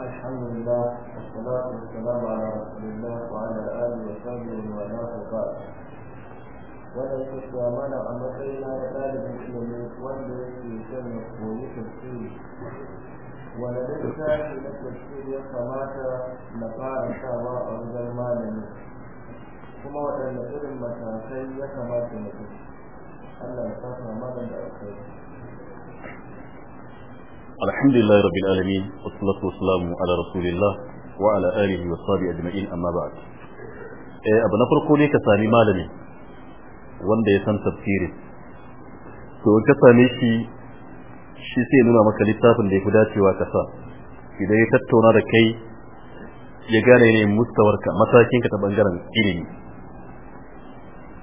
الحمد لله والصلاة والسلام على رسول الله وعلى آله وصحبه وعلاه قال wannan kusa mana a matsayina na ɗalibin ilimin wanda yake son na koyi tafsiri wanda littafi na tafsiri ya kamata na fara sawa a wajen malami kuma waɗanne irin matakai ya kamata na Allah ya saka mana da alkhairi الحمد لله رب العالمين والصلاة والسلام على رسول الله وعلى آله وصحبه أجمعين أما بعد abu na farko ne ka sami malami wanda ya san tafsirin. to ka sami shi shi sai nuna maka littafin da ya fi dacewa ka sa idan ya tattauna da kai ya gane ne mustawarka matakin ka ta bangaren ilimi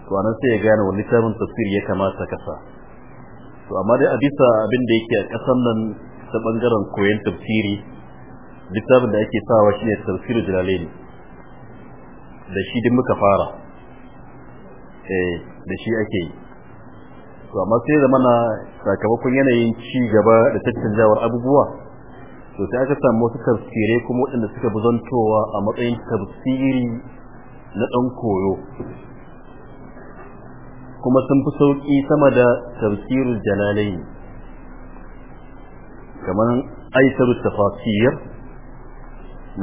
to anan sai ya gane wani littafin tafsiri ya kamata ka sa to amma dai a bisa abin da yake a ƙasan nan ta bangaren koyon tafsiri littafin da ake sawa shi ne tafsiri jalalaini da shi din muka fara eh da shi ake yi to amma sai zamana sakamakon yanayin ci gaba da tattanjawar abubuwa to sai aka samu wasu tafsirai kuma waɗanda suka bi zantowa a matsayin tafsiri na ɗan koyo kuma sun fi sauƙi sama da tafsirin jalalai كمان أيسر التفاسير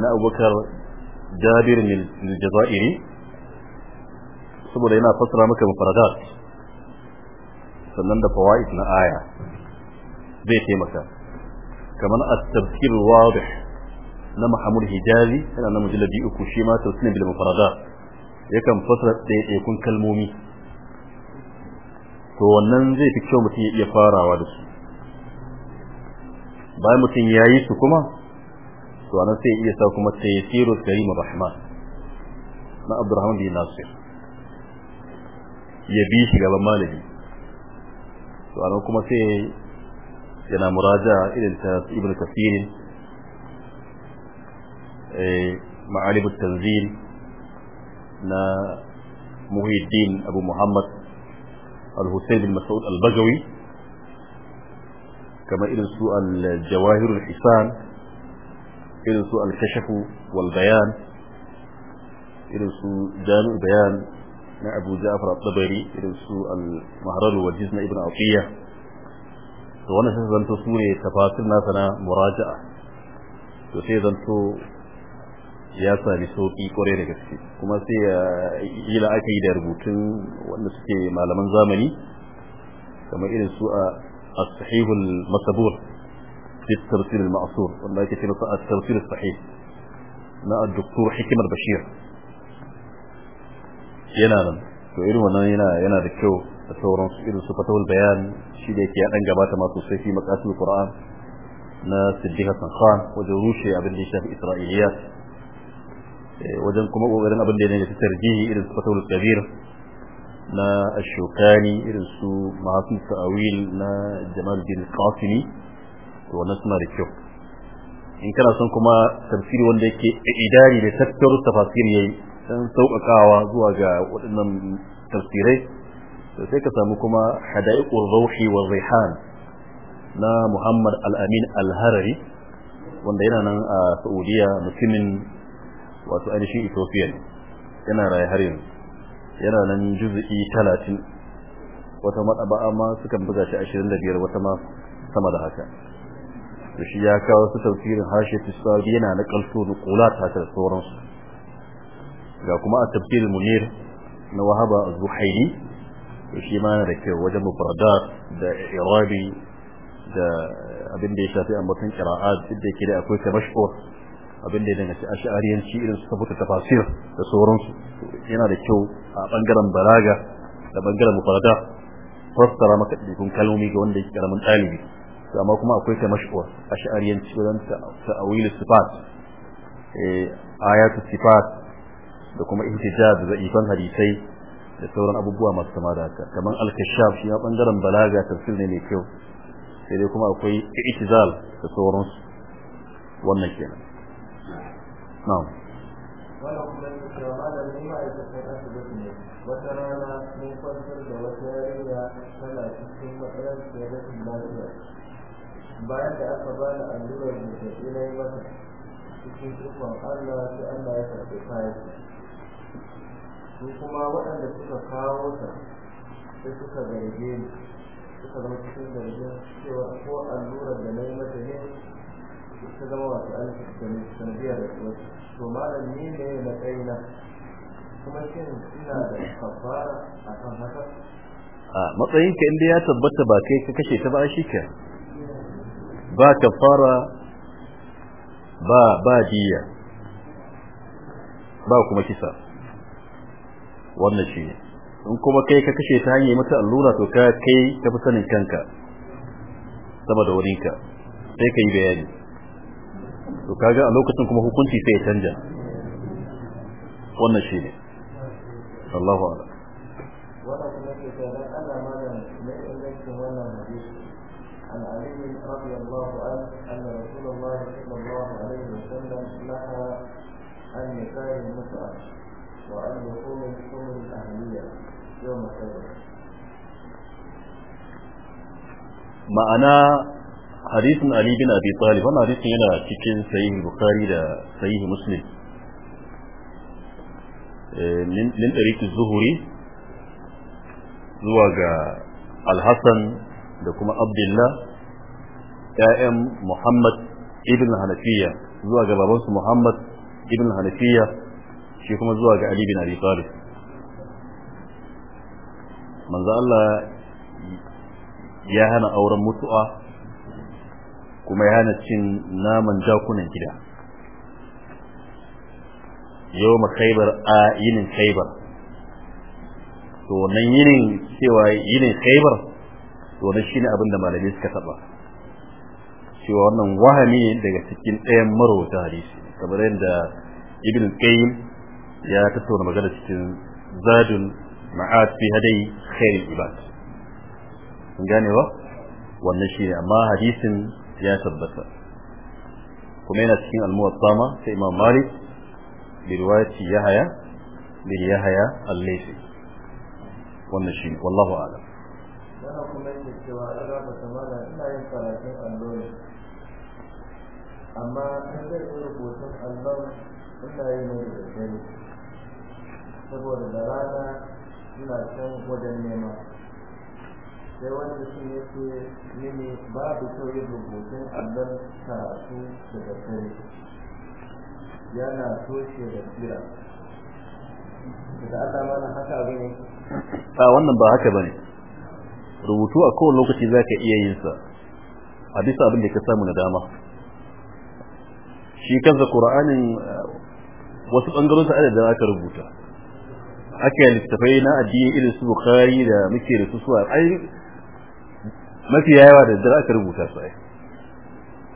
na abubakar jabir al-jazairi saboda yana fassara maka mufradat sannan da fawaid na aya zai taimaka kamar at-tafsir wadih na Muhammad Hijazi yana na mujalladi uku shi ma tafsirin bil mufradat yakan fassara ɗaiɗaikun kalmomi to wannan zai fi kyau mutum ya iya farawa da su bayan mutum yayi su kuma to anan sai iya sa kuma tayyiru karim rahman na abdurrahman bin nasir ya bi shi gaban malami to anan kuma sai yana muraja irin ta ibnu kafir eh ma'alib at tanzil na muhiddin abu muhammad al-husayn bin mas'ud al-bajawi kamar irin su al-jawahirul hisan irin su al-kashafu irin su jami'u bayan na Abu Ja'far al-Tabari irin su al-Mahrar ibn Atiyya to wannan sai zanto sure tafasir na sana muraja'a to sai zanto ya sami sauki kwarai da gaske kuma sai yi da rubutun wanda suke malaman zamani kamar irin su a الصحيح المصبور في الترسيل المأصور والله كثير الترسيل الصحيح ما الدكتور حكم البشير ينالا وإنه ونالا ينال الكو الثورون إذا سبته البيان شيء ذلك يأتنى قبات ما تصيح في مكاسل القرآن ناس الجهة سنخان وجروشي أبن ليشا في إسرائيليات إيه، وجنكم أبو غيرن أبن في ترجيه إذا سبته الكبير na ashokani irin su masu sa'awil na jamal bin kafini to wannan suna da kyau in kana son kuma tafsiri wanda yake idari da tattaro tafasir yayi dan sauƙaƙawa zuwa ga waɗannan tafsirai to sai ka samu kuma hada'iqur ruhi wa rihan na Muhammad Al-Amin Al-Harari wanda yana nan a Saudiya mutumin wato ainihin Ethiopia yana raye har yanzu yana nan juz'i 30 wata madaba'a amma suka buga shi 25 wata ma sama da haka to shi ya kawo su tafsirin hashiyatu sabi yana na kalso da qulat ta sauran su ga kuma a tafsirin munir na wahaba az-zuhairi to shi ma yana da kyau wajen mufradat da irabi da abin da ya shafi ambaton qira'at duk da yake da akwai tabashshur abin da ya danganci ash'ariyanci irin su tabbata tafasir da sauransu yana da kyau a bangaren balaga da bangaren mufarada fassara maka dukkan kalmomi ga wanda yake karamin dalibi amma kuma akwai ta mashhur ash'ariyanci wajen ta'awil sifat eh ayatu sifat da kuma ihtijaj da ifan hadisai da sauran abubuwa masu kama da haka kamar al-kashaf shi ya bangaren balaga tafsir ne mai kyau sai dai kuma akwai ihtizal da sauransu wannan kenan na'am wannan asibiti ne wata rana mun da wata yarinya tana cikin bayan da aka bani allurar cikin Allah ya kuma waɗanda suka kawo ta ni suka zama cikin zargin cewa ko allurar da na yi mata ne ta zama ne na a a matsayinka inda ya tabbata ba kai ka kashe ta ba shi ke ba kafara ba ba jiya. ba kuma kisa wannan shi ne in kuma kai ka kashe ta hanyar mata allura to ka kai ka fi sanin kanka sama da wurinka sai ka yi bayani to kaga a lokacin kuma hukunci sai ya canja wannan shine Allahu a'lam wannan kuma ke tare Allah malam ne ingancin wannan hadisi an Ali radiyallahu anhu anna Rasulullah sallallahu alaihi wasallam laha an nikahi mut'a wa an yuqulu hukum al yawm ma'ana حديث علي بن أبي طالب أنا حديث هنا تكين سيه البخاري لا سيه مسلم آه، من من طريق الزهري زواج الحسن لكم عبد الله كائم محمد ابن الحنفية زواج بابوس محمد ابن الحنفية شيخ مزواج علي بن أبي طالب من ذا الله يهنا أورا متوأ kuma ya hana cin naman jakunan gida yau ma kaibar a yinin kaibar to wannan yinin cewa yinin kaibar to wannan shine abin da malami suka taba cewa wannan wahami daga cikin ɗayan marota hadisi kamar yadda ibn qayyim ya tattauna magana cikin zadun ma'at fi hadai khairul ibad gane ba wannan shine amma hadisin ya tabbata kuma yana cikin al-muwatta ma sai imam malik bi riwayati yahya bi yahya al-laythi wannan shi wallahu a'lam yana kuma yin allo ne amma an zai rubutun allon ina yi ne da dare saboda da rana ina can wajen nema sai wanda shi ya ce mini babu kyau yin rubutun allon karatu da daddare yana toshe da tsira daga Allah mana haka bane a wannan ba haka bane rubutu a kowane lokaci za ka iya yin sa a bisa abin da ka samu na dama shi kansa qur'anin wasu bangarorin sa adadin aka rubuta aka littafai na addini irin su bukhari da muke da su suwa ai mafi yawa da dare aka rubuta su ai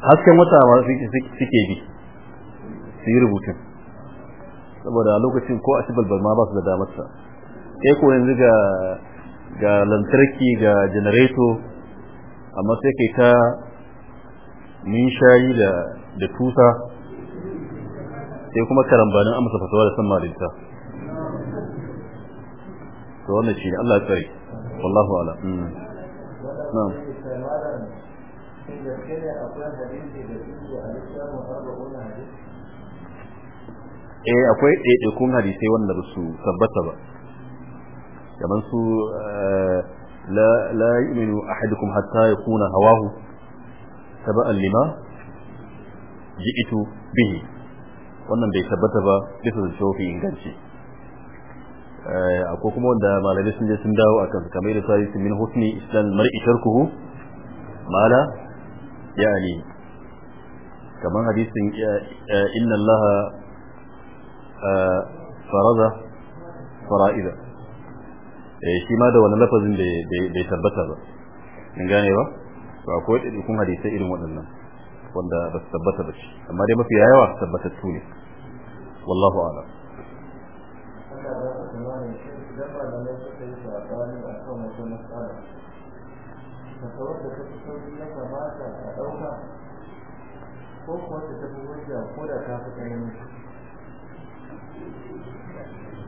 hasken wata ma suke bi su yi rubutun saboda a lokacin ko a ci balbal ma ba su da damar sa sai ko yanzu ga ga lantarki ga janareto amma sai kai ta min shayi da da tusa sai kuma karambanin amsa fasawa da san malinta to wannan shi Allah ya tsare wallahu a'lam hmm. na'am eh akwai ɗaiɗaikun hadisai wanda ba su tabbata ba kamar su eh, la yu'minu ahadukum hatta ya yakuna hawahu taba'an lima ji'itu bihi wannan bai tabbata ba bisa da shofi inganci Eh, akwai kuma wanda malamai sun je sun dawo akan su kamar da sai su min husni islam mar'i tarkuhu mala yani kamar hadisin inna Allah eh, faraza fara'ida eh shi ma da wani lafazin da bai tabbata ba in gane ba to akwai dukkan hadisai irin waɗannan wanda ba su tabbata ba amma dai mafi yawa tabbatattu ne wallahu a'lam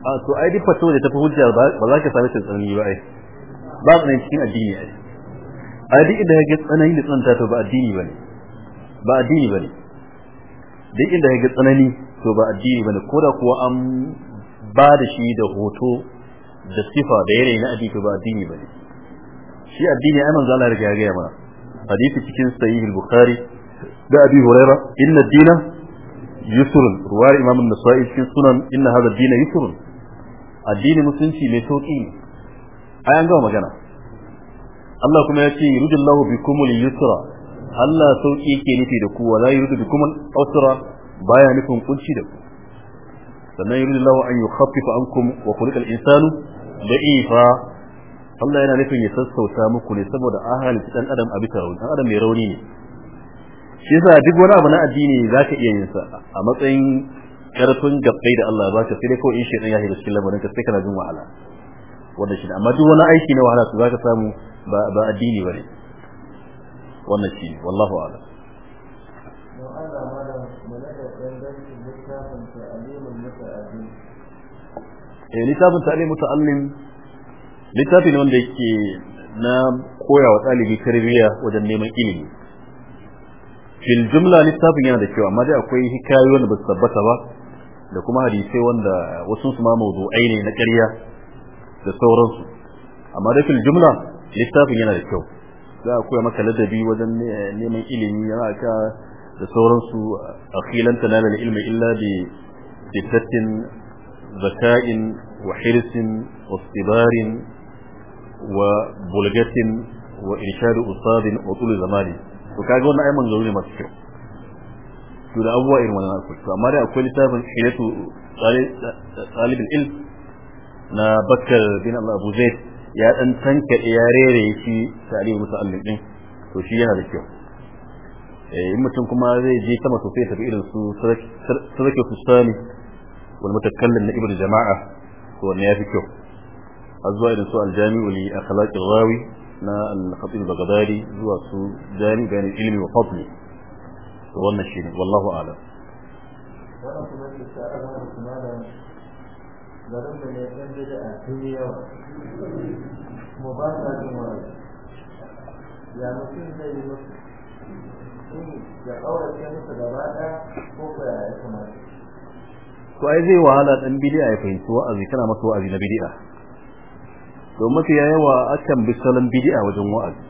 a ah, to ai duk fatawa da tafi hujja ba za ka sami ta tsanani ba ai ba tsanani cikin addini ai ai duk inda kage tsanani da tsananta to ba addini bane ba addini bane duk inda kage tsanani to ba addini bane ko da kuwa an ba da shi da hoto da sifa da yanayi na addini to ba addini bane shi addini ai manzo Allah ya riga ya mana hadisi cikin sahih al-bukhari da abi huraira inna ad-dina yusrun ruwar imam an-nasa'i cikin sunan inna hadha ad-dina yusrun Addini musulunci mai sauƙi ne an gama magana Allah kuma ya ce yuridullahu bikumul yusra Allah sauki yake nufi da ku wala yuridu bikumul usra baya nufin kunci da ku sannan yuridullahu an yukhaffifa ankum wa khuliqal insanu da'ifa Allah yana nufin ya sassauta muku ne saboda ahali dan adam a bisa rauni dan adam mai rauni ne shi yasa duk wani abu na addini zaka iya yin sa a matsayin karfin gabbai da Allah ya baka sai dai kawai in shedan ya shiga cikin lamarin ka sai kana jin wahala wanda shi amma duk wani aiki na wahala to zaka samu ba ba addini bane wannan shi wallahi a'lam eh litafin ta'lim muta'allim littafi wanda yake na koya wa talibi tarbiyya wajen neman ilimi fil jumla litafin yana da kyau amma dai akwai hikayoyi wanda ba su tabbata ba da kuma hadisai wanda wasu su ma mawdu'ai ne na ƙarya da sauransu amma da fil jumla littafin yana da kyau za a koya maka ladabi wajen neman ilimi yana ka da sauransu a filan tanalal ilmi illa bi sittatin zaka'in wa hirsin wa istibarin wa bulgatin wa irshadu usadin wa tul zamani to kaga wannan ai manzo ne masu kyau to da abubuwa irin wannan akwai to amma dai akwai littafin hilatu talibul ilm na bakkar bin Allah Abu Zaid ya dan tanka ya rere shi tare musu allin din to shi yana da kyau eh in mutum kuma zai je sama to sai tafi irin su sarki fustani wal mutakallim na ibnu jama'a to wannan yafi fi kyau azwa irin su aljami'u li akhlaqir rawi na al-khatib al-baghdadi zuwa su jami'u bayan ilmi wa fadli wannan shine garin da ne ɗan a yawa kuma ba ya mutum zai yi shin ya gaba ɗaya ko to ai zai wahala ɗan bida ya fahimci wa'azi kana masa wa'azi na bidiya domin mafi yawa akan bi salon bidiya wajen wa'azi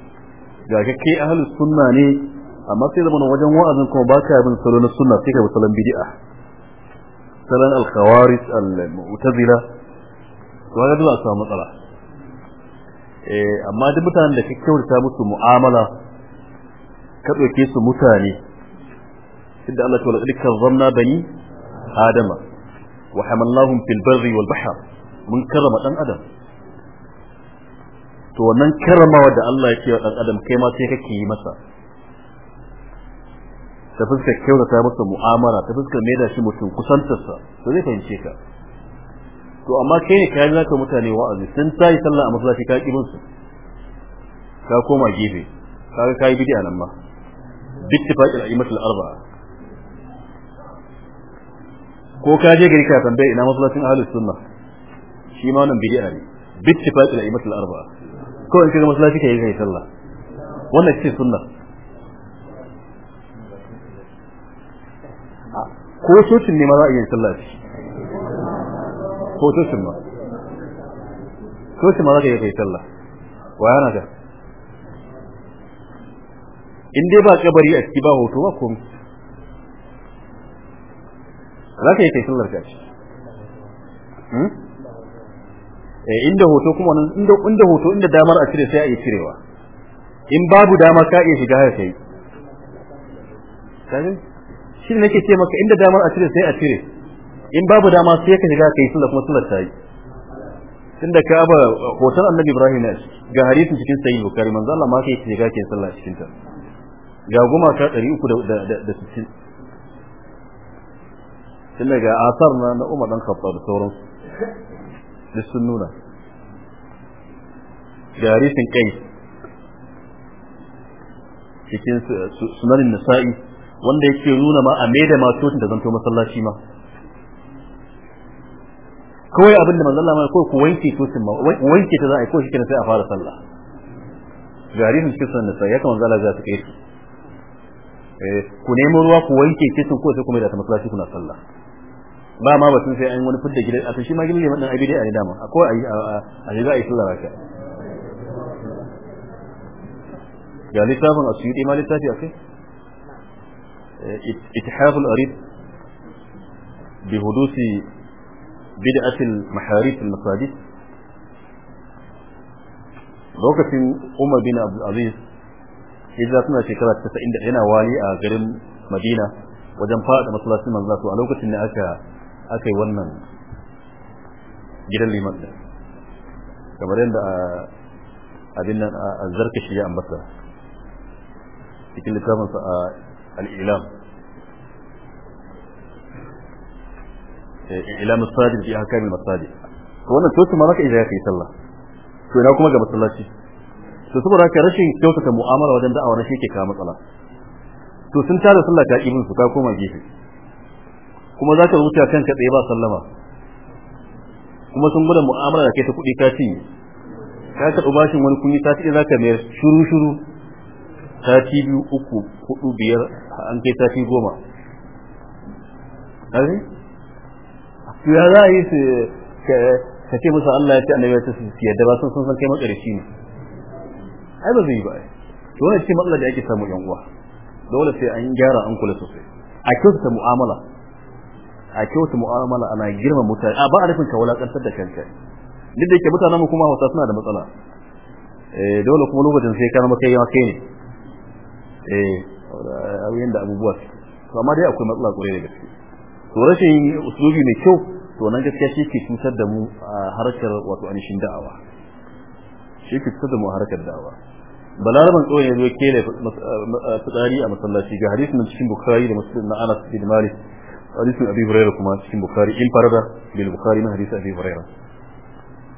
ga kake ahlus sunna ne amma sai zaman wajen wa'azin kuma baka bin salon sunna sai ka bi salon bid'a salon al-khawarij al-mu'tazila to ga dole a samu matsala eh amma duk mutanen da kake kyautata musu mu'amala ka dauke su mutane inda Allah ta wala kazzamna bani adama wa hamallahum fil barri wal bahr mun karama dan adam to wannan karamawa da Allah ya ce wa dan adam kai ma sai kake yi masa ta fuskar kyautata masa mu'amala ta fuskar da shi mutum kusantarsa to zai fahimce ka to amma kai ne kayan zaka mutane wa'azi sun yi sallah a masallaci ka ki su ka koma gefe ka ga kai bid'a nan ma bittifaqi al-a'immat al-arba'a ko ka je gari ka tambaye ina masallacin ahli sunna shi ma wannan bid'a ne bittifaqi al-a'immat al-arba'a ko in kaga masallaci kai kai sallah wannan shi sunna ko cocin ne ma za a iya sallah shi ko cocin ma cocin ma za a iya kai sallah wa yana da in dai ba kabari a ciki ba hoto ba komai za ka iya kai sallar ka hmm? eh inda hoto kuma nan, inda inda hoto inda damar a cire sai a yi cirewa in babu dama ka iya shiga sai kaje shi ne nake ce maka inda damar a cire sai a cire in babu dama sai ka shiga kai sunna kuma sallar tayi tunda ka ba hoton annabi ibrahim ne ga hadisin cikin sahih bukhari manzo Allah ma kai shiga kai sunna cikin ta ga goma ta 360 tunda ga asar na na Umar dan Khattab da sauran da sun nuna ga hadisin kai cikin sunan nisa'i wanda yake nuna ma a maida masocin da zanto masallaci ma kawai abin da manzon Allah ko ku wanke tosin ma wanke ta za a yi ko shi sai a fara sallah jaririn kisan da sai ya kan zala za ta kai su eh ku nemo ruwa ku wanke kisan ko sai kuma mai da masallaci kuna sallah ba ma batun sai an wani fidda gidan a to shi ma gidan liman dan dai a dama akwai a ne za a yi sallah raka ga littafin a suyi ma littafi a kai اتحاف القريب بحدوث بدعة المحاريب في المساجد لوكة عمر بن عبد العزيز إذا كنا في كذا تسعين هنا والي أجرم مدينة وجم فاء ما صلى سلم أكا أكا ونن جد اللي مدن كما رأينا أدينا الزركشية أمبتا يتلقى من al-ilam ilam as-sadiq bi ahkam al-masajid to wannan to kuma maka idan kai sallah to ina kuma ga masallaci to saboda haka rashin kyautata mu'amala wajen da'awa na shi ke kawo matsala to sun tada sallah ka ibin su ka koma gefe kuma za ka rubuta kanka tsaye ba sallama kuma sun gwada mu'amala da kai ta kuɗi ka ci ka ka bashin wani kuni ka ci za ka mayar shuru shuru sati biyu uku hudu biyar an kai sati goma ƙarfi ya za a yi su ka ce musu Allah ya ce annabi ya ce su yadda ba sun san kai makarishi ne ai ba zai yi ba ai to wannan ce matsala da ake samu yan uwa dole sai an gyara an kula sosai a kyautata mu'amala a kyautata mu'amala ana girma mutane a ba a nufin ka wulakantar da kanka duk da yake mutanen mu kuma Hausa suna da matsala eh, dole kuma lokacin sai ka zama kai ya kai ne eh auyen da abubuwa to amma dai akwai matsala kure da gaske to rashin usulubi mai kyau to nan gaskiya shi ke cutar da mu a harkar wato anishin da'awa shi ke cutar da mu a harkar da'awa balaraban tsohon ya zo kele fitsari a masallaci ga hadisi nan cikin bukari da muslim na anas bin malik hadisin abi hurairah kuma cikin bukari in farada bil bukari na hadisi abi hurairah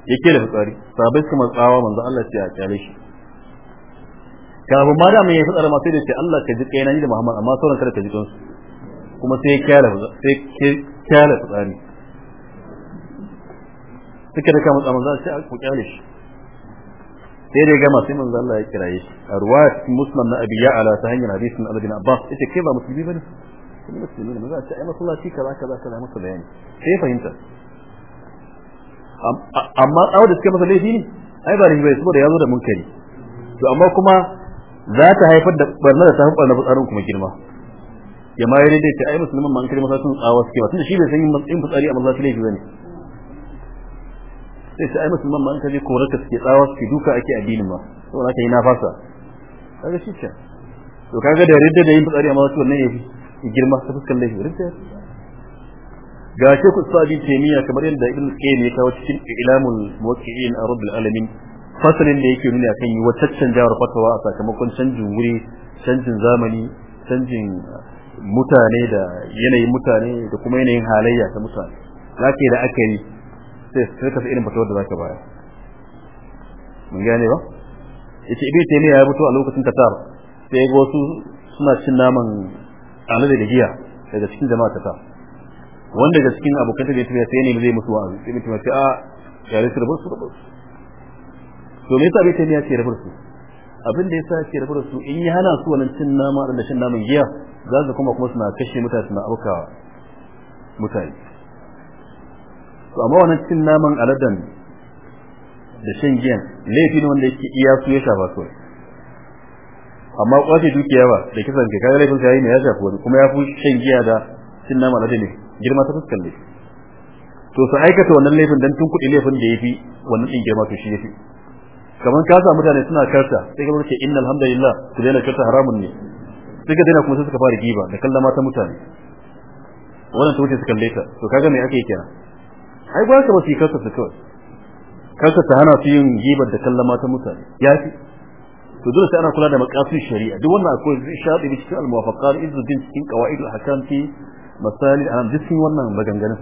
ya kele fitsari sabai kuma tsawa manzo Allah ya ce a kyale shi kafin ma da mai ya fitsara masu sai da ce Allah ka ji kai na ni da Muhammad amma sauran kada ka ji kansu kuma sai kyala sai kyala fitsari suka da kama tsaman za su ku kyale shi sai dai gama sai manzo Allah ya kiraye shi a ruwa cikin na abi ala ta hanyar hadisin Allah bin Abbas yace kai ba musulmi ba bane kuma musulmi ne za a ce ai masallaci kaza kaza kaza masa bayani sai fahimta amma awa da suke masa laifi ne ai ba laifi bai saboda ya zo da munkari to amma kuma za ta haifar da barna da ta haifar da fitsarin kuma girma ya ma yare dai ta ai musulman ma an kare masallacin tsawa suke ba tunda shi bai san yin fitsari a masallaci laifi bane sai ta ai musulman ma an kare korarka suke tsawa suke duka ake addinin ba saboda haka yi na fasa kaga shi ce to kaga da ridda da yin fitsari a masallaci wannan yafi girma ta fuskan laifi ridda ga shi ku sabi temiya kamar yadda ibn qayyim ya kawo cikin ilamul muwaqqi'in a rabbil alamin fasalin da yake nuna kan yi wata canjawar fatawa a sakamakon canjin wuri canjin zamani canjin mutane da yanayin mutane da kuma yanayin halayya ta mutane zaka da aka yi sai ka irin fatawar da zaka baya mun gane ba yace ibi taymiya ya fito a lokacin tatar sai ga wasu suna cin naman alade da giya daga cikin jama'a tatar wanda ga cikin abokan da ya tafiya sai ne zai musu wa'azi sai mutum ya ce a yare su da su to me yasa bai ta miya ce rabar su abin da yasa ce rabar su in ya hana su wannan cin nama da shan naman giya za su kuma kuma suna kashe mutane suna auka mutane to amma wannan cin naman aladan da shan giyan laifi ne wanda yake iya su ya shafa su amma kwace dukiya ba da kisan ke kaga laifin kai ne ya shafa wani kuma ya fi shan giya da cin nama aladan ne girma ta fuskar to su aikata wannan laifin dan tun kuɗi laifin da ya fi wannan ɗin girma to shi ya fi kamar ka sa mutane suna karta sai ka ce innal hamdalillah ku daina karta haramun ne sai ka daina kuma sai suka fara giba da kallama ta mutane wannan ta wuce su kalle ta to kaga me ake yi kenan ai ba ka wasi karta su kawai karta ta hana su yin gibar da kallama ta mutane ya fi to dole sai ana kula da maqasid shari'a duk wannan akwai shadi bi cikin al-muwafaqat izuddin cikin qawaid al-ahkam fi masali an diskin wannan maganganun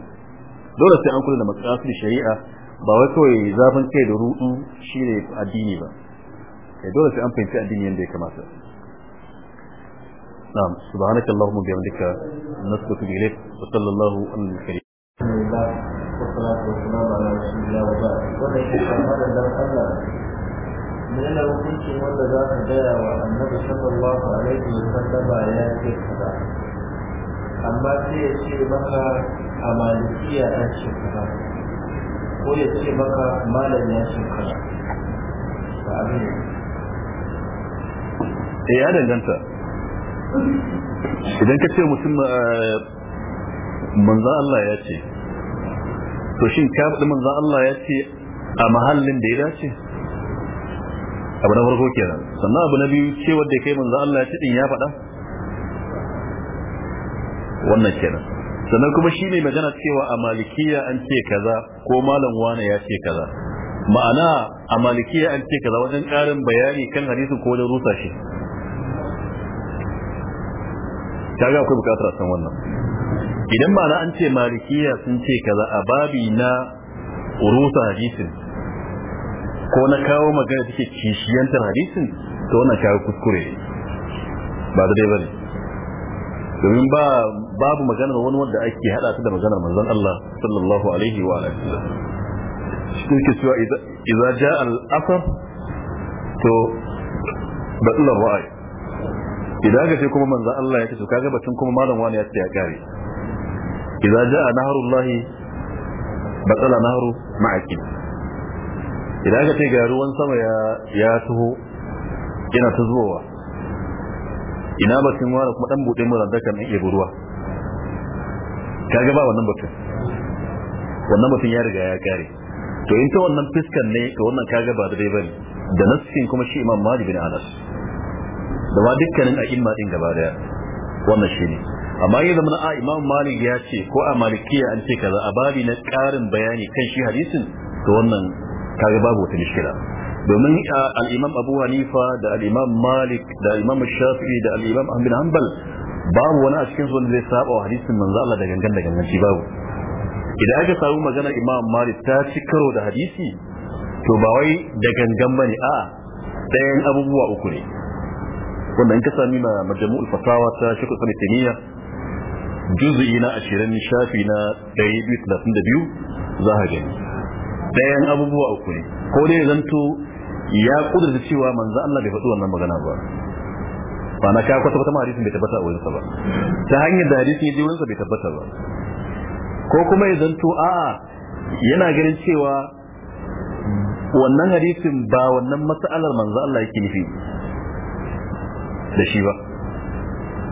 dole sai an kula da maqasid shari'a ba wai kawai zafin kai da rudu shine addini ba kai eh, dole sai an fahimci addini yadda ya kamata na'am subhanaka allahumma bihamdika nasbutu ilayk wa sallallahu alaihi wa sallam amma والسلام على رسول الله a ولا يشكر هذا ko ya ce maka malam ya ce kaza ba abin da eh, ya danganta idan ka ce mutum eh, manzan Allah ya ce to shin ka faɗi manzan Allah ya ce a mahallin da ya dace abu na farko kenan sannan abu na biyu ce wanda kai manzan Allah ya ce din ya faɗa wannan kenan sannan kuma shi ne magana cewa a malikiya an ce kaza ko malam wane ya ce kaza ma'ana a malikiya an ce kaza wajen ƙarin bayani kan hadisin ko wajen rusa shi kaga akwai bukatar a san wannan idan ma'ana an ce malikiya sun ce kaza a babi na rusa hadisin ko na kawo magana take kishiyantar hadisin to wannan kawo kuskure ba da dai bane domin ba babu maganar wani wanda ake hada su da maganar manzon Allah sallallahu alaihi wa alihi wasallam shi ke cewa idza jaa al-asr to da batla ra'ayi idan ga sai kuma manzon Allah ya ce kaga batun kuma malam wani ya ce ya kare idza jaa nahrullahi batala nahru ma'aki idan ga sai ga ruwan sama ya ya taho yana ta zuwa ina batun wani kuma dan bude mura dakan iya ruwa kaga ba wannan mutum wannan mutum ya riga ya kare to in ta wannan fiskan ne to wannan kaga ba dai bane da nassin kuma shi imam malik bin anas da ma dukkanin imma din gaba daya wannan ne amma ya zama a imam malik ya ce ko a malikiya an ce kaza a babi na karin bayani kan shi hadisin to wannan kaga babu wata mishkila domin al-imam abu hanifa da al-imam malik da al-imam shafi'i da al-imam ahmad bin hanbal babu wani a cikin su wanda zai saba wa hadisin manzo Allah da gangan da ganganci babu idan aka samu magana Imam Malik ta ci karo da hadisi to ba wai da gangan bane a ɗayan abubuwa uku ne wanda in ka sami ma majmu'ul fatawa ta ko Ibn tiniya juz'i na 20 shafi na 132 za ka gani ɗayan abubuwa uku ne ko dai zanto ya kudurta cewa manzo Allah bai faɗi wannan magana ba ba na kawo kwata-kwata ma hadisin bai tabbata a wurinsa ba ta hanyar da hadisin ya je wurinsa bai tabbata ba ko kuma ya zanto a'a yana ganin cewa wannan hadisin ba wannan mas'alar manzo Allah yake nufi da shi ba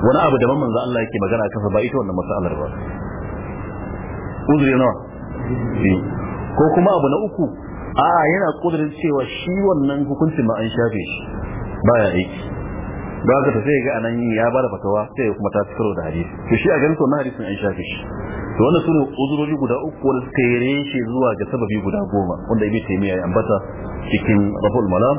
wani abu daban manzo Allah yake magana kansa ba ita wannan mas'alar ba uzuri nawa ko kuma abu na uku a'a yana kudurin cewa shi wannan hukuncin ma an shafe shi ya aiki ba ka sai ga anan ya ba da fatawa sai kuma ta cikaro da hadisi to shi a ganin wannan hadisin an shafe shi to wannan sune uzurori guda uku wanda suka yi reshe zuwa ga sababi guda goma wanda ibn taymiya ya ambata cikin raful malam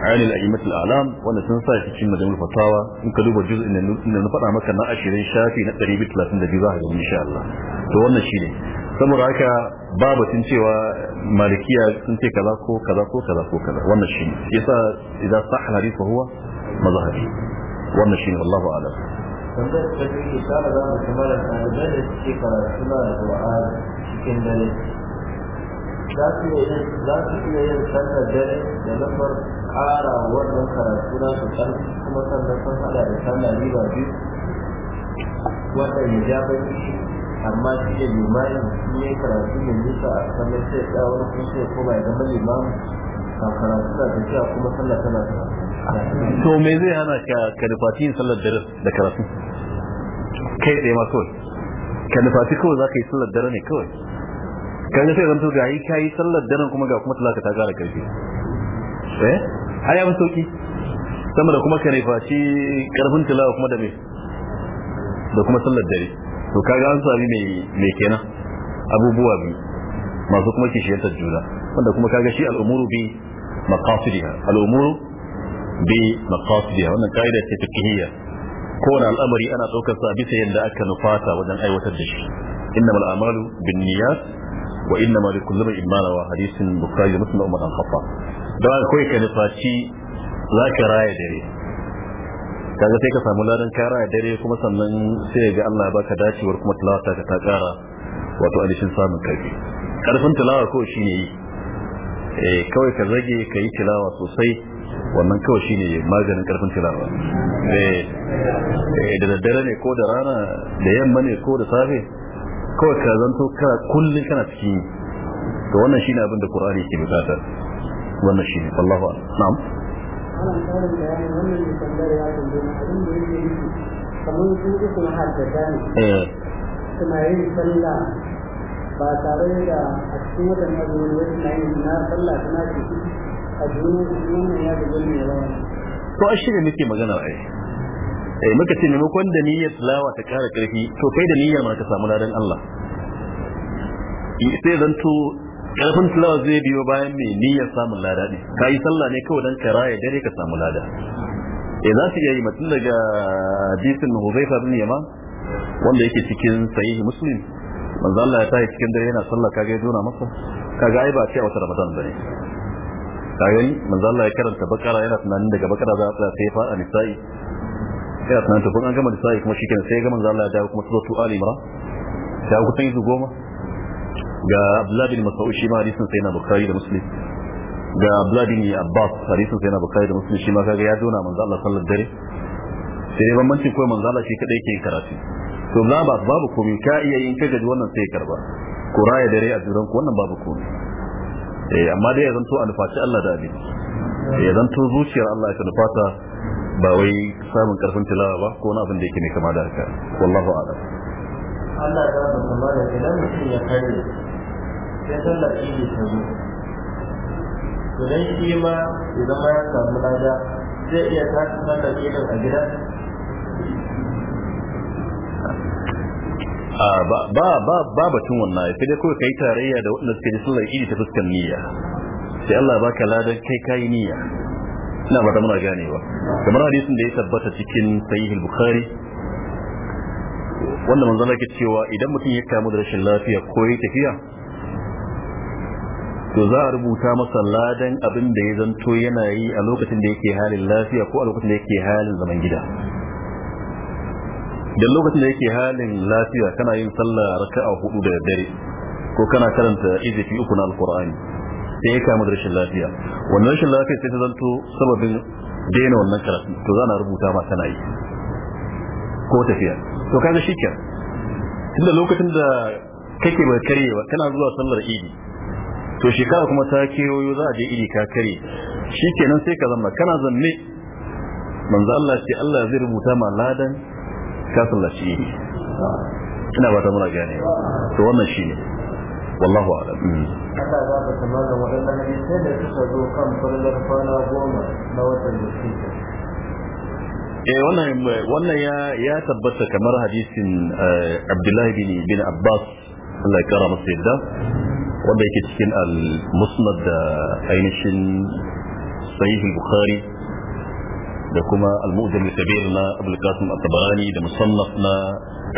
عن الأئمة الأعلام وأنا تنسى في مجموع الفتاوى إن كدوب الجزء إن نفرع مكة نأشر شافي نقري بثلاثين دقيقة إن شاء الله to wannan shi ne saboda haka babu tun cewa malikiya sun ce kaza ko kaza ko kaza ko kaza shi idan mazhabi wannan shine wallahu a'lam tambayar ta ce ta da zamu kamar ɗalibai da suke karatu na da Qur'ani cikin dare za su iya yin sallar dare da lambar ƙara wannan karatu na su ƙarfi kuma sannan sun hada da sallar riba biyu wanda ya ja baki amma shi da limanin shi ne karatu mai nisa a sannan sai ya tsawon sun ce kuma bai zama limanin kan karatu na tafiya kuma sallar tana tafiya to me zai hana ka nufati yin sallar dare da karatu kai tsaye ma kawai ka nufati kawai za ka yi sallar dare ne kawai kan ga sai zanto ga yi ka yi sallar dare kuma ga kuma talaka ta gara karfi eh ai abin sauki sama da kuma ka Fati karfin talaka kuma da me da kuma sallar dare to kaga an sami mai me kenan abubuwa biyu masu kuma kishiyar juna wanda kuma kaga shi al'umuru bi maqasidiha al'umuru bi maqasidiha wannan kaida ce fiqhiyya kowane al'amari ana ɗaukar sa bisa yadda aka nufata wajen aiwatar da shi innamal a'malu binniyat wa innama likulli imrin ma nawa hadisin bukhari muslim umar an khafa don akwai ka nufaci zaka raya dare kaga sai ka samu ladan ka raya dare kuma sannan sai ga Allah ya baka dacewar kuma tilawata ka ta kara wato alishin samun karfi karfin tilawa ko shine yi eh, kawai ka zage ka yi tilawa sosai wannan kawai shine maganin karfin tilawa eh, eh, da daddare ne ko da rana da yamma ne ko da safe kawai ka zanto ka kullum kana ciki da wannan shine abinda da qur'ani ke bukata wannan shine wallahu na'am kamar na haddada ba tare da a cikin waɗannan wani na yin na sallah suna ke. to a shirya nake magana ai eh, muka ce maimakon da niyyar tilawa ta kara karfi to kai da niyyar ma ka samu ladan Allah sai zan to karfin tilawa zai biyo bayan mai niyyar samun lada ne ka yi sallah ne kawai don kara ya dare ka samu lada eh za su iya yi mutum daga hadisin Huzaifa bin Yaman wanda yake cikin sahihi Muslim manzo Allah ya tashi cikin dare yana sallah kaga ya dona masa kaga ai ba ce wata Ramadan bane ayoyi manzo Allah ya karanta bakara yana tunanin daga bakara za a tsaya sai fa nisa'i yana tunanin to kun an gama nisa'i kuma shikenan sai ya ga manzo Allah ya dawo kuma suratu ali imran ta kusan yi goma ga Abdullahi bin Mas'ud shi ma hadisin sai na Bukhari da Muslim ga Abdullahi bin Abbas hadisin sai na Bukhari da Muslim shi ma kaga ya dona manzo Allah sallallahu alaihi wasallam sai bambancin ko manzo Allah shi kadai yake karatu to za ba babu komai ka iya yin kaga wannan sai karba ko raya dare a duran ko wannan babu komai Eh, amma dai ya zanto a nufaci Allah da abin eh, ya zanto zuciyar Allah ya nufata ba wai samun karfin tilawa ba ko wani abin da yake ne kama da haka wallahu a'lam Allah ya ba kama da idan mutum ya kare ya tsalla idi ta zo to dan shi ma idan ma ya samu lada zai iya tashi sallar idin a gida ba ba ba batun wannan sai dai kawai kai tarayya da waɗanda suke sallar idi ta fuskar niyya sai Allah baka ladan kai kai niyya ina ba da muna ganewa kamar hadisin da ya tabbata cikin sahih al-bukhari Wannan manzo ke cewa idan mutum ya kamu da rashin lafiya ko ya tafiya to za a rubuta masa ladan abin da ya zanto yana yi a lokacin da yake halin lafiya ko a lokacin da yake halin zaman gida da lokacin da yake halin lafiya kana yin sallah raka'a hudu da dare ko kana karanta izifi uku na alqur'ani sai ya kama da rashin lafiya wannan rashin lafiya sai ta zanto sababin daina wannan karatu to zana rubuta ma kana yi ko tafiya to kaga shikenan tunda lokacin da kake ba karewa kana zuwa sallar idi to shekara kuma ta kewayo za a je iri ka kare shi kenan sai ka zama kana zanne manzo Allah ce Allah zai rubuta ma ladan ka sallaci yi ina ba ta muna gane to wannan shi ne wallahu a'lam mm. Allah ya ba ta malam waɗannan sai da suka zo kan farlar kwana goma na watan da shi eh wannan wannan ya ya tabbata kamar hadisin eh, Abdullahi bin bin Abbas Allah ya kara masa yadda wanda yake cikin al-Musnad da ainihin Sahih al-Bukhari da kuma al-mujam kabir na abul qasim at-tabarani da musannaf na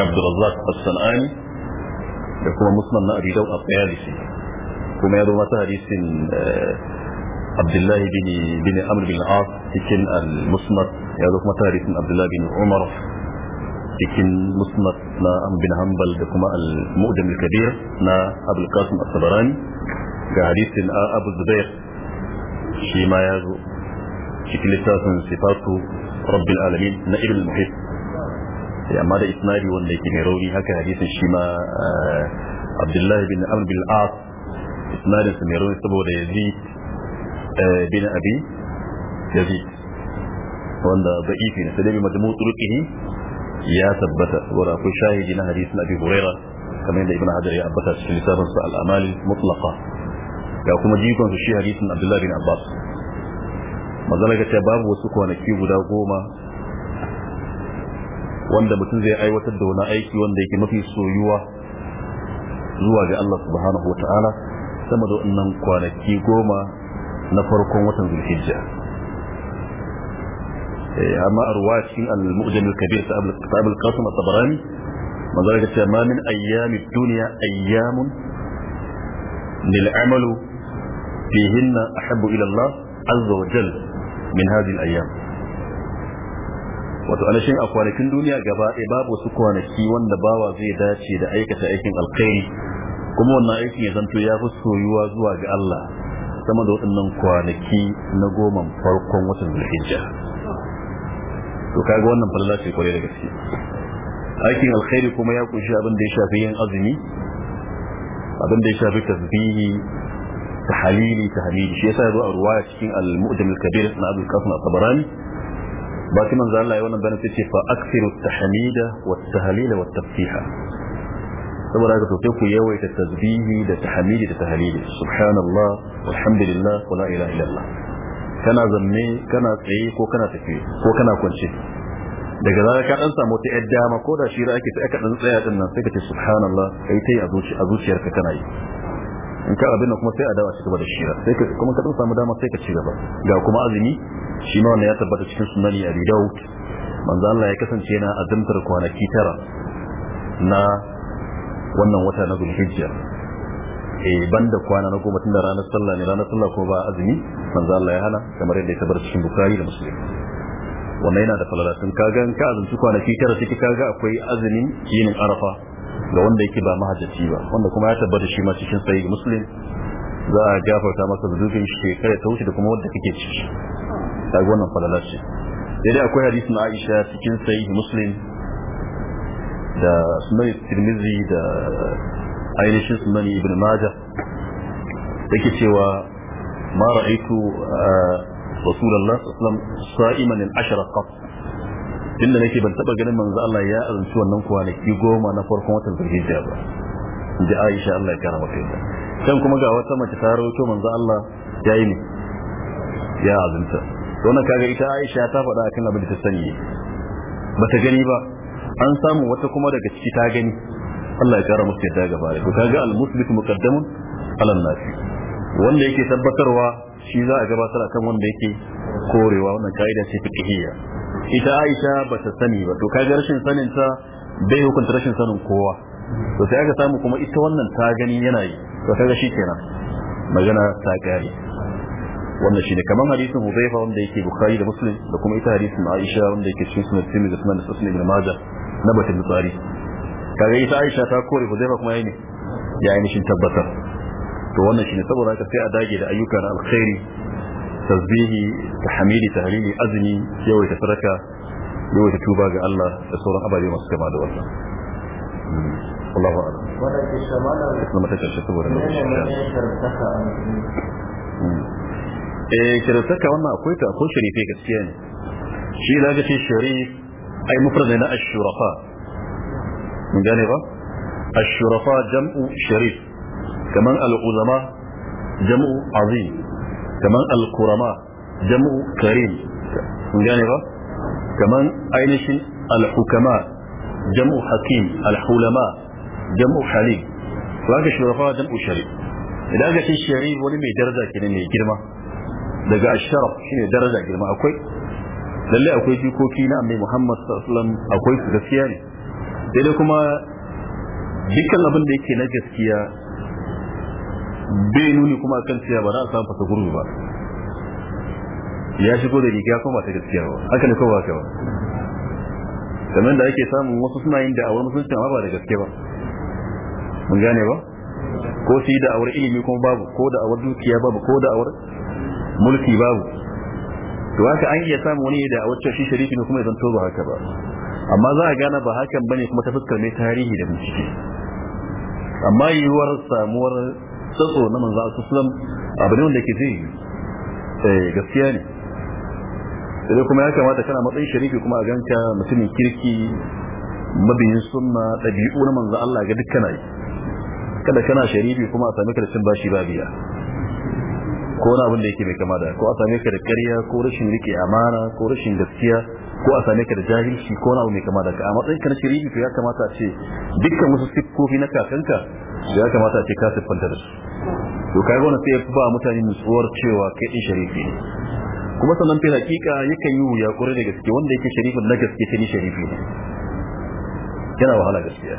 abdul razzaq as-sanani da kuma musnad na abi daud at-tayalisi kuma ya zo mata hadisin abdullahi bin bin amr bin al-as cikin al-musnad ya zo mata hadisin abdullahi bin umar cikin musnad na am bin hanbal da kuma al-mujam kabir na abul qasim at-tabarani ga hadisin abu zubair shi ma ya zo cikin sifatu rabbil alamin na ibn muhit amma da isnadi wanda yake mai rauni haka hadisin shi ma abdullahi bin amr bin as isnadi sa mai rauni saboda yazid bin abi yazid wanda da'ifi ne sai dai majmu turqihi ya tabbata wa akwai shahidi na hadisin abi hurayra kamar yadda ibn hajar ya ambata cikin littafin sa al-amali mutlaqa ga kuma jikon shi hadisin abdullahi bin abbas mazala ga babu wasu kwanaki guda goma wanda mutum zai aiwatar da wani aiki wanda yake mafi soyuwa zuwa ga Allah subhanahu wa ta'ala sama da wannan kwanaki goma na farkon watan zulhijja eh, amma a ruwa cikin al-mu'jam al-kabir ta abul qasim at-tabarani manzara ga cewa ma min ayyami dunya ayyamun lil amalu fihinna ahabbu ila Allah azza wa jalla min hadhihi al-ayyam wato anashin a kwanakin duniya gaba ɗaya babu wasu kwanaki wanda bawa zai dace da aikata aikin alkhairi kuma wannan aikin ya zanto ya fi soyuwa zuwa ga Allah sama da waɗannan kwanaki na goma farkon watan Zulhijja to kaga wannan falala ce kwarai da gaske aikin alkhairi kuma ya kunshi abin da ya shafi yin azumi abin da ya shafi tasbihi tahalili tahalili shi yasa yazo a cikin al-mu'jam kabir na Abu Qasim al-Tabarani baki manzo bana tace fa akthiru at-tahmida wat-tahlila saboda haka to sai ku yawaita tasbihi da tahmidi da tahlili subhanallah walhamdulillah wala tsaye ko ko daga zarar ka dan samu ta yar dama ko da shi da ake ta aka dan tsaya din nan sai ka ce subhanallah kai tai a zuciyarka kana yi in ka abin kuma sai a dawa cikin da shira sai ka kuma ka samu dama sai ka ci gaba ga kuma azumi shi ma wannan ya tabbata cikin sunani a bidau manzo Allah ya kasance yana azumtar kwanaki tara na wannan wata na zulhijja eh banda kwana na goma tunda ranar sallah ne ranar sallah kuma ba azumi manzo Allah ya hana kamar yadda ya tabbata cikin bukhari da muslim wannan yana da falala sun kaga in ka azumci kwanaki tara sai ga akwai azumin yinin arafa ga wanda yake ba mahajjaci ba wanda kuma ya tabbata shi ma cikin sahih muslim za a gafarta masa zunubin shekara ta wuce da kuma wanda kake ciki kaga wannan falala ce dai akwai hadisin Aisha cikin sahih muslim da sunan Tirmidhi da ainihin sunan Ibn Majah yake cewa ma ra'aytu ah, Rasulullah sallallahu alaihi wasallam sa'iman al-ashra qat tunda nake ban taba ganin manzo Allah ya azanci wannan kwanaki goma na farkon watan zulhijja ba da Aisha Allah ya kara mata yadda kan kuma ga wata mace ta rawaito manzo Allah ya yi ne ya azanta wannan kaga ita Aisha ta faɗa akan abin da ta sani ba ta gani ba an samu wata kuma daga ciki ta gani Allah ya kara musu yadda gaba ko kaga al muslim muqaddamun ala nasi wanda yake tabbatarwa shi za a gabatar akan wanda yake korewa wannan kaida ce fiqhiyya ita aisha ba ta sani ba to kaga rashin sanin ta bai hukunta rashin sanin kowa to sai aka samu kuma ita wannan ta gani yana yi to kaga shi kenan magana ta gari. wannan shi ne kamar hadisin Hudayfa wanda yake Bukhari da Muslim da kuma ita hadisin Aisha wanda yake cikin sunan Tirmidhi da sunan Sunan Ibn Majah na Batul Bukhari kaga ita Aisha ta kore Hudayfa kuma yayi ne ya shi tabbatar to wannan shi ne saboda haka sai a dage da ayyukan na alkhairi tasbihi tahmidi tahlili azumi yawaita sadaka yawaita tuba ga Allah da sauran ababe masu kama da wannan hmm. Allahu akbar wannan ke shamala da mata ce saboda hmm. eh shirtaka wannan akwai ta akwai sharife gaskiya ne shi da ga sharif ai mufrad ne na ashurafa mun gane ba ashurafa jam'u sharif kaman al-ulama jam'u azim kaman al-kurama jam'u karim gane ba kaman ainihin al-hukama jam'u hakim al-hulama jam'u halim to haka shurafa da sharif idan aka ce sharif wani mai daraja kenan mai girma daga asharaf shine daraja girma akwai lalle akwai jikoki na annabi Muhammad sallallahu alaihi wasallam akwai su gaskiya ne sai dai kuma dukkan abin da yake na gaskiya bai nuni kuma akan cewa ba za a samu fasa gurbi ba ya shigo da riga kuma ta gaskiya ba haka ne kawai haka ba kamar da ake samun wasu suna yin da'awar musulunci amma ba da gaske ba mun gane ba ko su yi da'awar ilimi kuma babu ko da'awar dukiya babu ko da'awar mulki babu to haka an iya samun wani da wacce shi sharifi ne kuma ya zanto ba haka ba amma za a gane ba hakan bane kuma ta fuskar mai tarihi da bincike amma yiwuwar samuwar tsatso na manzo su sallam abu ne wanda ke zai eh, gaskiya ne sai kuma ya kamata kana matsayin sharifi kuma a ganka mutumin kirki mabiyin sunna ɗabi'u na manzo Allah ga dukkan ayi kada kana sharifi kuma a sami karshen bashi ba biya ko wani abin da yake mai kama da ko a same ka da ƙarya ko rashin rike amana ko rashin gaskiya ko a same ka da jahilci ko wani abu mai kama da ka a matsayin ka na shiriki to ya kamata a ce dukkan wasu siffofi na kakanka ya kamata a ce ka siffanta da su to kai gona sai ya fi ba mutane nutsuwar cewa kai din sharifi ne kuma sannan fi hakika yakan yi wuya ƙwarai da gaske wanda yake sharifin na gaske ta ni sharifi ne yana wahala gaskiya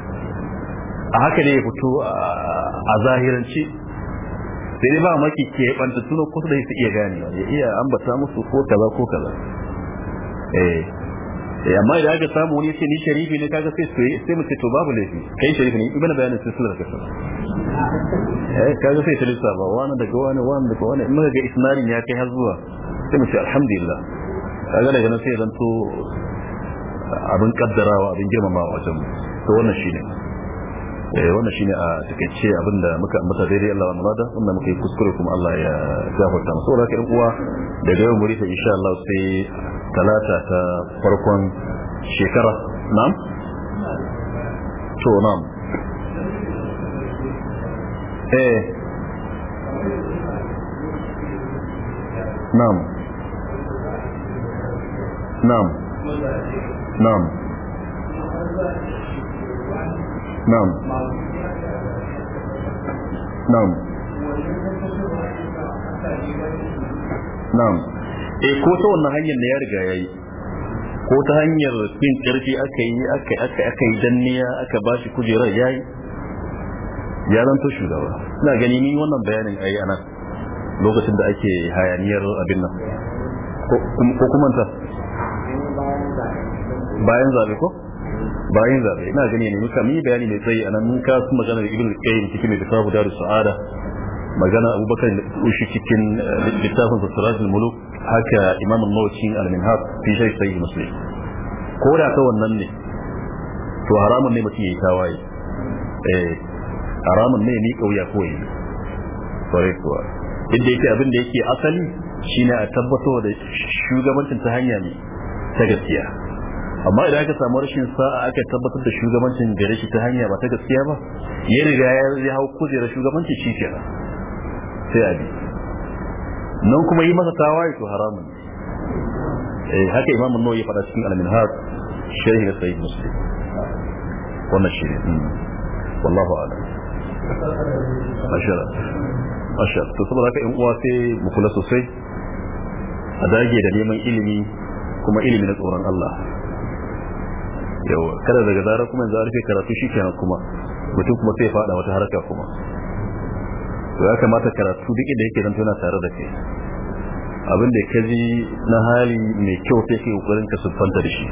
a haka ne ya fito a zahiranci sai dai ba maki ke banta tuno ko da yake iya gane ya iya ambata musu ko kaza ko kaza eh eh amma idan aka samu wani sai ni sharifi ne kaga sai sai sai mu ce to babu laifi kai sharifi ne ibn bayanin silsilar ka eh kaga sai sai lissa ba wani daga wani wani daga wani in ga ismarin ya kai har zuwa sai mu ce alhamdulillah kaga daga nan sai to abin kaddarawa abin girmamawa wajen to wannan shine Eh, wannan shine a takaice abinda muka ambata daidai Allah wa mulada wanda muka yi kuskure kuma Allah ya gafarta mu saboda haka uwa daga yau muri ta insha Allah sai talata ta farkon shekara na'am to na'am eh na'am na'am na'am na'am na'am na'am اي eh, ko ta wannan hanyar da ya riga yayi yi ko ta hanyar fin karfi aka yi aka aka aka yi danniya aka ba shi kujerar ya yi ya shugaba ina gani ni wannan bayanin ayi anan lokacin da ake hayaniyar abin nan ko kuma ta bayan zabe ko bayan zabe ina gani ne muka mi bayani mai tsayi anan mun ka su magana da al qayyim cikin littafin daru sa'ada magana abubakar da ushi cikin eh, littafin al muluk haka imam al nawawi al-minhaj fi shay sayyid muslim ko da ta wannan ne to haramun ne mutum yayi tawaye eh haramun ne ni kauya ko yi kware kuwa inda yake abin da yake asali shine a tabbatar da shugabancin ta hanya ne ta gaskiya amma idan aka samu rashin sa'a aka tabbatar da shugabancin gare shi ta hanya ba ta gaskiya ba ya riga ya hau kujerar shugabanci shi kenan sai a bi nan kuma yi masa tawaye to haramun eh haka imamu nawawi ya faɗa cikin alamin har sharhi na sahih muslim wannan shi ne hmm. wallahu a'lam ashara ashara to saboda haka in uwa sai mu kula sosai a dage da neman ilimi kuma ilimi na tsoron Allah yawa kada daga zarar kuma yanzu rufe karatu shi kenan kuma mutum kuma sai fada wata harka kuma to ya kamata karatu duk da yake zan tona tare da kai abin da ka ji na hali mai kyau sai kai kokarin ka sufanta da shi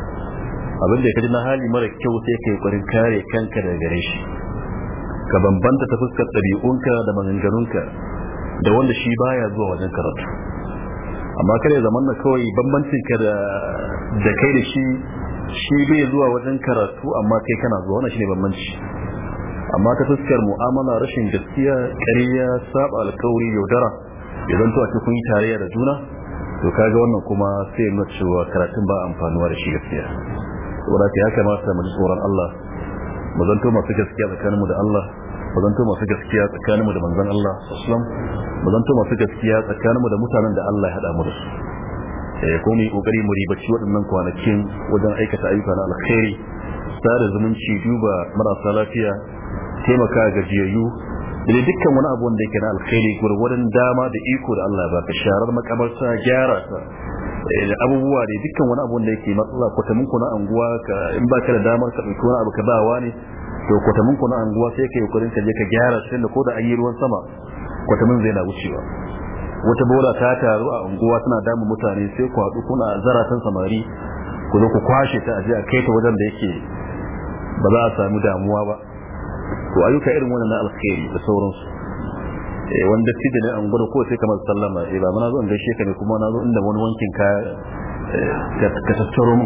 abin da ka ji na hali mara kyau sai kai kokarin kare kanka daga gare shi ka bambanta ta fuskar ɗabi'unka da maganganunka da wanda shi baya zuwa wajen karatu amma kada ya zaman na kawai bambancin ka da kai da shi shi bai zuwa wajen karatu amma kai kana zuwa wannan shine bambanci amma ta fuskar mu'amala rashin gaskiya ƙarya saba alƙawari yaudara idan to a cikin tarayya da juna to kaga wannan kuma sai mu cewa karatun ba amfanuwa da shi gaskiya saboda ya kamata mu ji tsoron Allah mu zanto masu gaskiya tsakaninmu da Allah mu zanto masu gaskiya tsakaninmu da manzon Allah sallallahu alaihi wasallam mu zanto masu gaskiya tsakaninmu da mutanen da Allah ya hada mu da su Eh, ko mu yi kokari mu ribaci waɗannan kwanakin wajen aikata ayyuka na alkhairi sada zumunci duba marasa lafiya taimaka gajiyayyu da dukkan wani abu wanda yake na alkhairi gurgurin dama da iko da Allah ba ka sharar makamarsa gyara ta eh, da abubuwa da dukkan wani abu wanda yake matsala kwatamin ku na anguwa ka in ba ka da damar ka ɗauki wani abu ka ba ne to kwatamin ku na anguwa sai ka yi kokarin ka je ka gyara shi da ko da an yi ruwan sama kwatamin zai na wucewa wata bola ta taru a unguwa suna damun mutane sai ku haɗu kuna zaratan samari ku zo ku kwashe ta aje a kai ta wajen da yake ba za a sami damuwa ba to ayyuka irin wannan na alkhairi da sauransu eh wanda tije ne an gudu ko sai kamar sallama eh ba mana zo in gaishe ka ne kuma na zo inda wani wankin ka eh, ka tattaro mu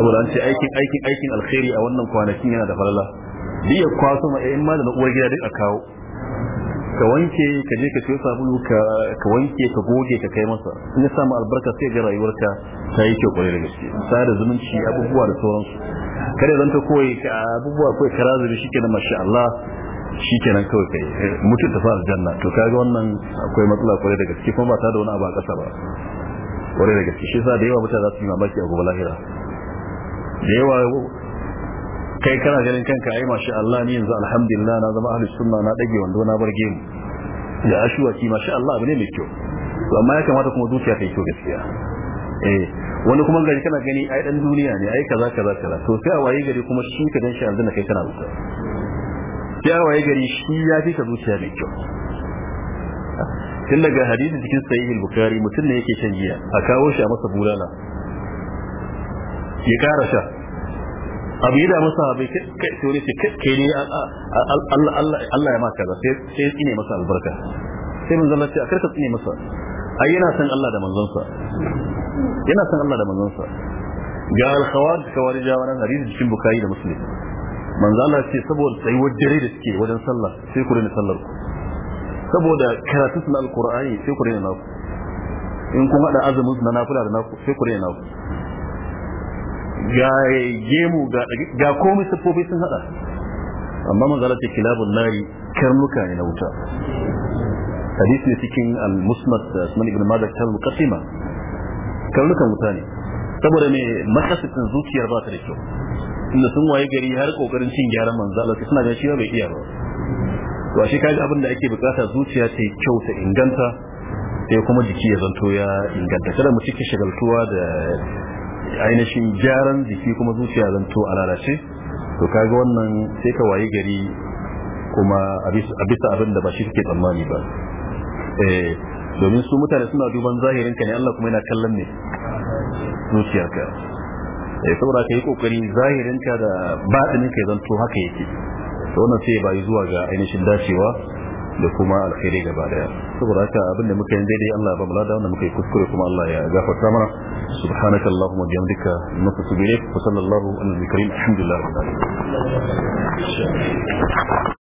saboda an ce aikin aikin aikin alkhairi a wannan kwanakin yana da falala duk ya kwaso ma eh, in ma da uwar gida duk a kawo ka wanke ka je ka siyo sabulu ka wanke ka goge ka kai masa in ya samu albarka sai ga rayuwarka ta yi kyau kwarai da gaske da zumunci abubuwa da sauransu kada ta koyi abubuwa koyi kara zubi shi kenan masha Allah shi kenan kawai kai mutum ta fara janna to kaga wannan akwai matsala kwarai da gaske kuma ba ta da wani abu a ƙasa ba kwarai da gaske shi sa da yawa mutane za su yi mamaki a gobe lahira da yawa kai kana ganin kanka ai masha Allah ni yanzu alhamdulillah na zama ahli sunna na dage wando na barge mu da ki masha Allah abu ne mai kyau amma ya kamata kuma zuciya ta yi kyau gaskiya eh wani kuma gari kana gani ai dan duniya ne ai kaza kaza kaza to sai a waye gari kuma shi ka dan shi na kai kana wuta sai a waye gari shi ya fi ka zuciya mai kyau tun daga hadisi cikin sahih bukhari mutum ne yake shan giya a kawo shi a masa bulala ya kara sha abu yi da masa bai kai sai ce kai ne Allah ya maka da sai ya tsine masa albarka sai mun zama a karka tsine masa ai yana san Allah da manzonsa yana san Allah da manzonsa ga al-khawarij khawarij ya wannan hadisi cikin bukhari da muslim manzon Allah ce saboda tsayuwar dare da suke wajen sallah sai ku rinna sallar ku saboda karatun Al-Qur'ani, sai ku rinna naku in kun hada azumin na nafila da naku sai ku rinna naku ga gemu ga komai siffofi sun hada amma manzala ta kilabun nari karnuka ne na wuta hadisi ne cikin al-musnad da uh, asman ibn majah ta muqaddima karnukan wuta ne saboda ne makasitin zuciyar ba ta da kyau inda sun waye gari har kokarin cin gyaran manzala ta suna ga shi bai iya ba to shi kaji abin da ake bukata zuciya ta kyau ta inganta sai kuma jiki ya zanto ya inganta kada mu cikin shagaltuwa da ainihin gyaran jiki kuma zuciya zanto a lalace to kaga wannan sai ka wayi gari kuma a bisa abin da ba shi kake tsammani ba eh, domin su mutane suna duban zahirin ka ne Allah kuma yana kallon ne zuciyarka eh saura ka yi kokari zahirin ka da batinin ka zanto haka yake to wannan sai ba zuwa ga ainihin dacewa da kuma alkhairi gaba daya saboda haka abin da muka yi daidai Allah ya ba mu lada wanda muka yi kuskure kuma Allah ya gafarta mana subhanaka allahumma bihamdika nafsu bilik wa sallallahu alaihi wa sallam alhamdulillah